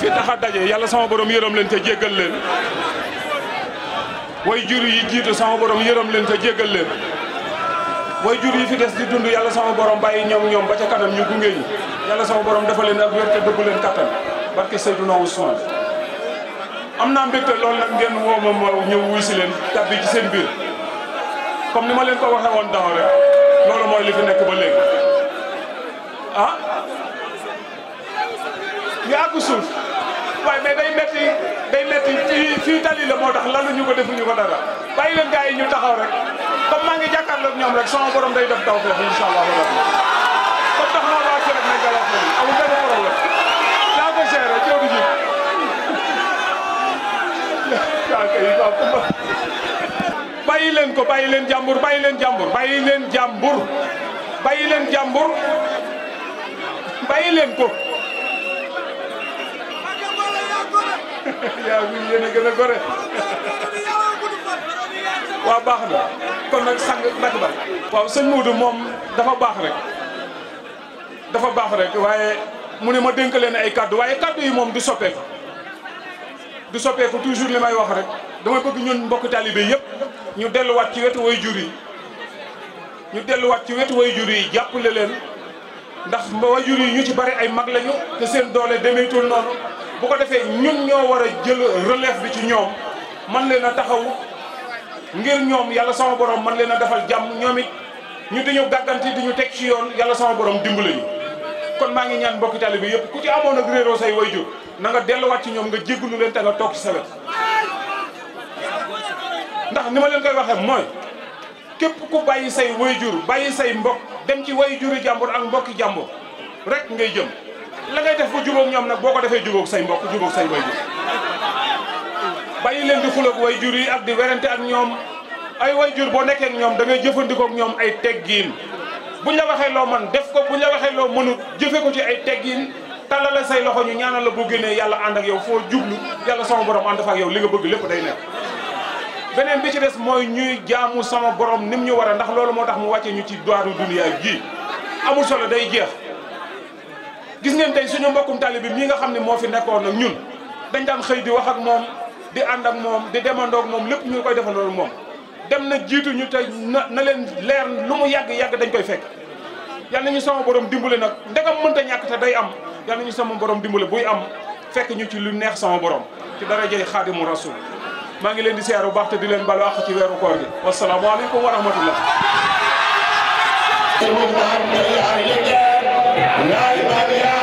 fi tax daje yàlla sama borom yërëm leen te jéggal leen way jur yi jiitu sama borom yërëm leen te jéggal leen way jur yi fi des di dund yàlla sama borom bàyyi ñoom ñoom ba ca kanam ñu gunge yi yàlla sama borom dafa leen ak wér te dëggu leen kattan barke Seydina Ousmane am naa mbégte loolu nag ngeen woo ma ma ñëw wuy si leen tabbi ci seen biir comme ni ma leen ko waxee woon daaw rek mooy li fi nekk ba léegi yaa ah? ngi suuf waay mais day metti day metti fii fii tali la moo tax laluñu ko defuñu ko dara bàyyi leen gars yi ñu taxaw rek comme maa ngi jàkkaarloog ñoom rek sama borom day def taw feex incha allah rabbi comme tax naa waa rek nañ ko wax amul benn problème daa ko gérer jooju ji daa koy waaw bàyyi leen ko bàyyi leen jàmbur bàyyi leen jàmbur bàyyi leen jàmbur bàyyi leen jàmbur leen ko yaa ngi a gën a gore baax na kon nag sang Mbacke Bal waaw sëñ Modou moom dafa baax rek dafa baax rek waaye mu ne ma dénk leen ay kàddu waaye kàddu yi moom du soppeeku du soppeeku toujours li may wax rek dama bëgg ñun mbokk taalibe yëpp ñu delluwaat ci wetu way jur yi ñu delluwaat ci wetu way jur yi jàppale leen ndax way jur yi ñu ci bari ay mag lañu te seen doole demeetul noonu bu ko defee ñun ñoo war a jël relève bi ci ñoom man leen a taxaw ngir ñoom yàlla sama borom man leen a defal jàmm ñoom it ñu dañu gàgganti di ñu teg ci yoon yàlla sama borom dimbali ñu kon maa ngi ñaan mbokki taalibe bi yëpp ku ci amoon ak réeroo say wayjur na nga delluwaat ci ñoom nga jéggalu leen te nga toog ci sa ndax ni ma leen koy waxee mooy képp ku bàyyi say wayjur bàyyi say mbokk dem ci wayjuri jàmbur ak mbokki jàmbur rek ngay jëm la ngay def ko jubóog ñoom nag boo ko defee jubóog say mbokk jubóog say way jur leen di xuloog way jur yi ak di werante ak ñoom ay way jur boo nekkee ak ñoom da ngay jëfandikook ñoom ay teggiin buñ la waxee loo man def ko bu la waxee loo mënut jëfe ko ci ay teggiin tàllale say loxo ñu ñaanal la bu génnee yàlla ànd ak yow foo jublu yàlla sama borom ànd fa ak yow li nga bëgg lépp day nekk beneen bi ci des mooy ñuy jaamu sama borom ni mu ñu war a ndax loolu moo tax mu wàcce ñu ci doiru duniyaa gi amul solo day jeex gis ngeen tey suñu mbokkum taalibe bi mii nga xam ne moo fi nekkoon ak ñun dañ daan xëy di wax ak moom di ànd ak moom di demandoo moom lépp ñu koy defal loolu moom dem na jiitu ñu tey na na leen leer lu mu yàgg-yàgg dañ koy fekk yal nañu sama borom dimbule nag ndegam mënta ñàkk te day am yal nañu sama borom dimbale buy am fekk ñu ci lu neex sama borom ci darajay xaadimu rasul maa ngi leen di siyaar bu baax di leen balu àq ci weeru koor gi wasalaamaaleykum wa rahmatullah Muhammad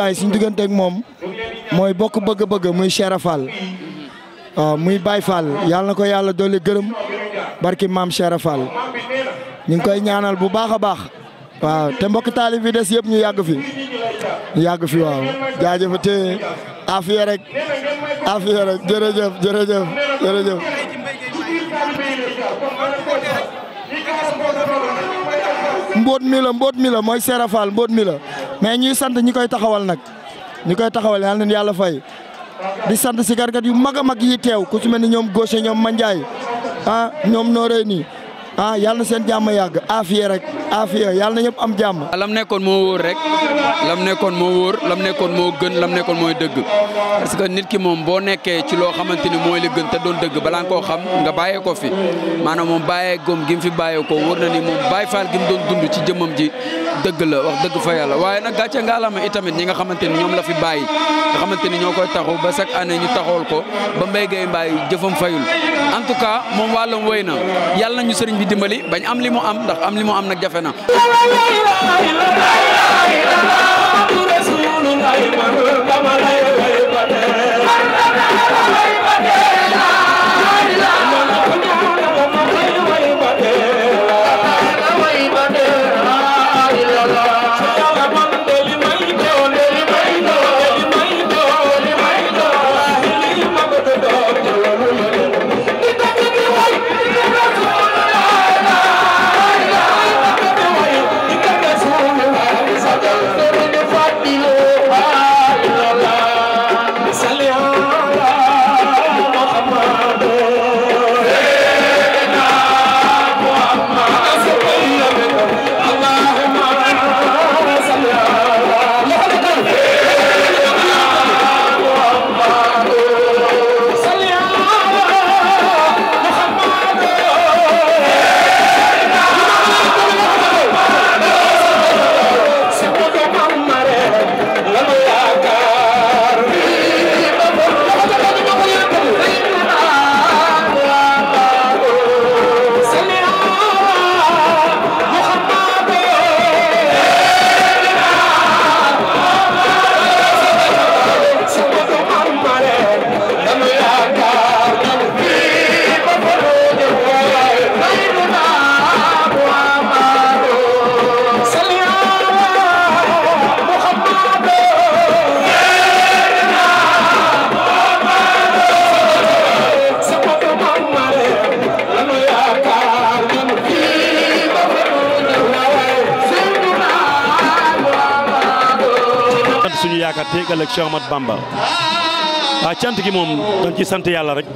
bàyyi suñu diggante moom mooy bokk bëgg-bëgg muy Cheikh Fall waaw muy Baye Fall yàlla na ko yàlla dolli gërëm barki maam Cheikh Fall ñu ngi koy ñaanal bu baax a baax waaw te mbokk taalib yi des yëpp ñu yàgg fi ñu yàgg fi waaw jaajëfate afiya rek afiya rek jërëjëf jërëjëf jërëjëf mbóot mi la mbóot mooy Serafal mbóot mi la mais ñuy sant ñi koy taxawal nag ñi koy taxawal yal nañu yàlla fay di sant si gargat yu mag a mag yi teew ku ci mel ni ñoom Gaucher ñoom Mandiaye ah ñoom nii ah yàlla na seen jàmm yàgg afiya rek afiya yàlla na ñëpp am jàmm. lam nekkoon moo wóor rek lam nekkoon moo wóor lam nekkoon moo gën lam nekkoon mooy dëgg parce que nit ki moom boo nekkee ci loo xamante ni mooy li gën te doon dëgg balaa nga koo xam nga bàyyee ko fi maanaam moom bàyyee góom gi mu fi bàyyee ko wóor na ni moom bàyyi faal gi doon dund ci jëmmam ji dëgg la wax dëgg fa la waaye nag gàcce nga lama itamit ñi nga xamante ni ñoom la fi bàyyi nga xamante ni ñoo koy taxaw ba chaque année ñu taxawal ko ba mbéy gay mbaay fayul en tout moom wàllam wéy bi dimbali bañ am li mu am ndax am li mu am nag jafe na ëllëg Cheikh ah, cant gi moom dañ ci sant yàlla rek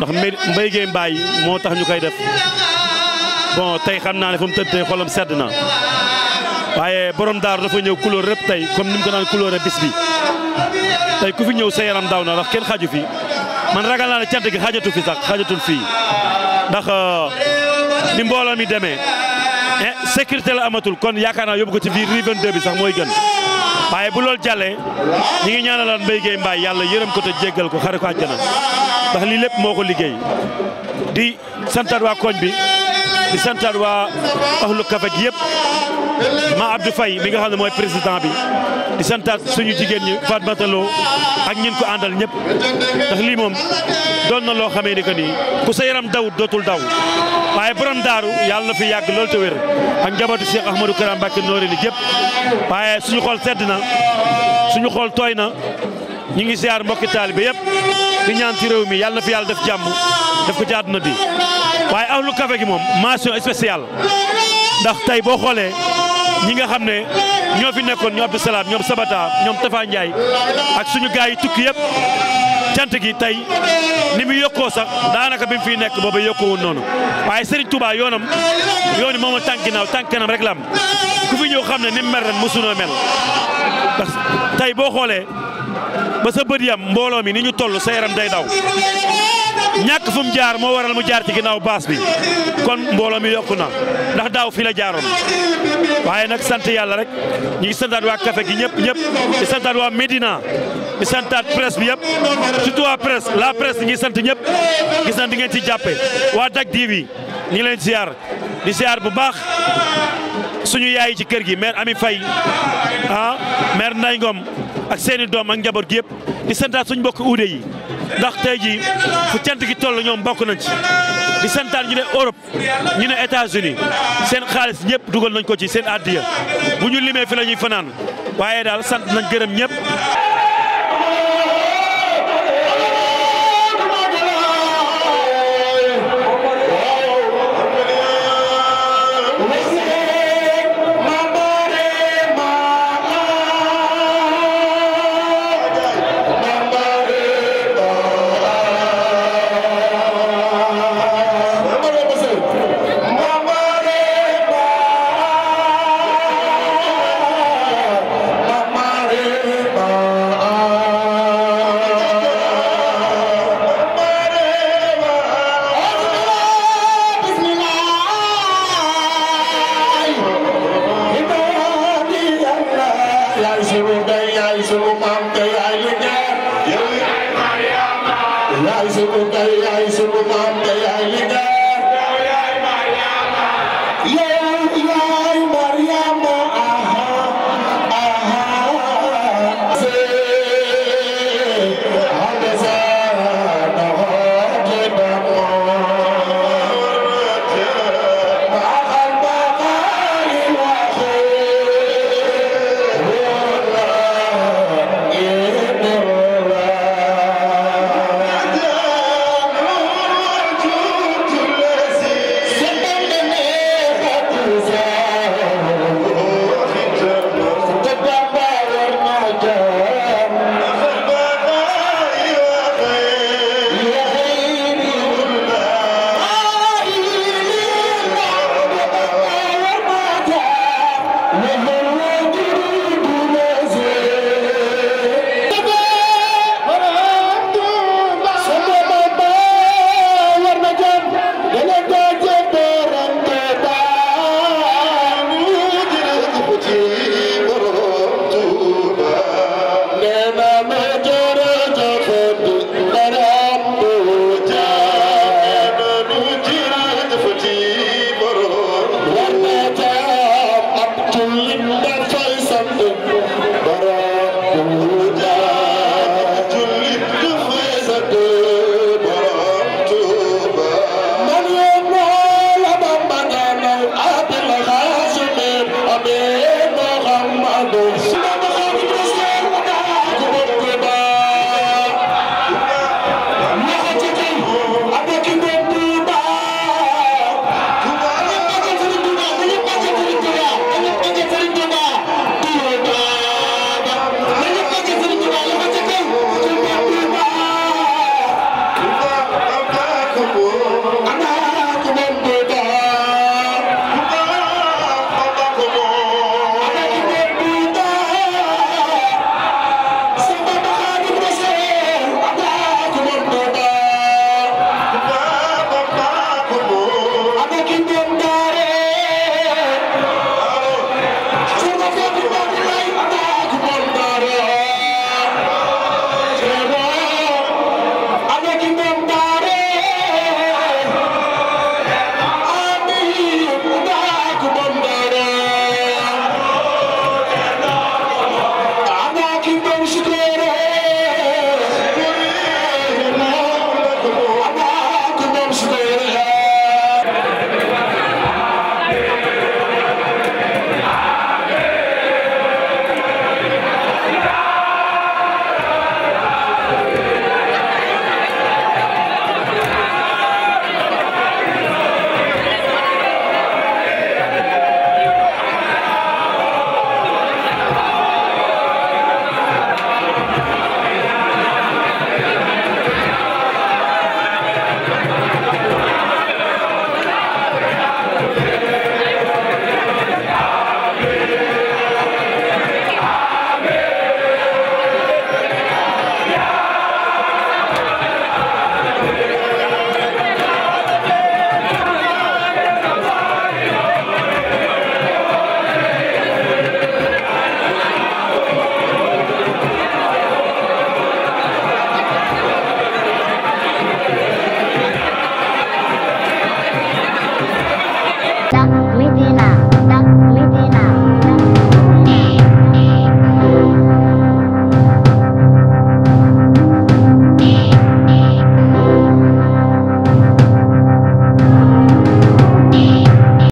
ndax mbay gee mbaay moo tax ñu koy def bon tey xam naa ne fu mu tëdd tey xolam sedd na waaye borom daar dafa ñëw couleur rëpp tey comme ni mu ko naan couleur bis bi tey ku fi ñëw sa yaram daaw na ndax kenn xaju fi man ragal naa ne cant gi xajatu fi sax xajatul fii ndax euh, ni mbooloo mi demee eh, sécurité la amatul kon yaakaar naa yóbbu ko ci biir rue 22 sax mooy gën waaye bu loolu jàllee ñi ngi ñaanalaan Mbaye Gueye Mbaye yàlla yërëm ko te jéggal ko xare ko àjjana ndax lii lépp moo ko liggéey di santaat waa koñ bi di santaat waa ahlu kafe gi yëpp maa Abdou Faye mi nga xam ne mooy président bi di santaat suñu jigéen ñi Fatmata Lo ak ñin ko àndal ñëpp ndax lii moom doon na loo xamee ni que nii ku sa yaram dawut dootul daw waaye borom daaru yàlla na fi yàgg loolu te wér ak njabootu Cheikh Ahmadou Kara Mbacké nooré ni waaye suñu xool sedd na suñu xool tooy na ñu ngi ziar mbokki taalibe yëpp di ñaan ci réew mi yàlla na fi yàlla def jàmm def ko ci àdduna di waaye ahlu café gi moom mention spéciale ndax tey boo xoolee ñi nga xam ne ñoo fi nekkoon ñoom Abdou Salam ñoom Sabata ñoom Tafa Ndiaye ak suñu gaay yi tukki yëpp cant gi tay ni mu yokkoo sax danaka bim fi nek nekk booba won noonu waaye Serigne Touba yoonam yooni moma tanki naw tanki nam rek lam ku fi ñew xam ne ni mer mel mosunoo mel parce que tey boo xoolee ba sa beut yam mbolo mi ni ñu toll sa yaram day daw ñàkk fu mu jaar moo waral mu jaar ci ginaaw baas bi kon mbolo mi yokku na ndax daaw fi la jaaroon waaye nag sant yàlla rek ñi sante wa cafe café gi ñëpp ñëpp di santaat waa Médina di santaat presse bi yëpp surtout waa presse la presse ñi sant ñëpp gis nañ di ngeen ci jàppe waa Dak TV ñu ngi leen ziar di ziar bu baax suñu yaay ci kër gi mère Ami fay ah mère Nday ngoom ak seeni doom ak njaboot gi yëpp di santaat suñu mbokk uude yi ndax tey ji fu cant gi toll ñoom bokk nañ ci di santaat ñu ne Europe ñu ne États-Unis seen xaalis ñëpp dugal nañ ko ci seen addiya bu ñu limee fi la ñuy fanaan waaye daal sant nañ gërëm ñëpp sunu bay yaay sunu maam bay yaay li Hallelujah.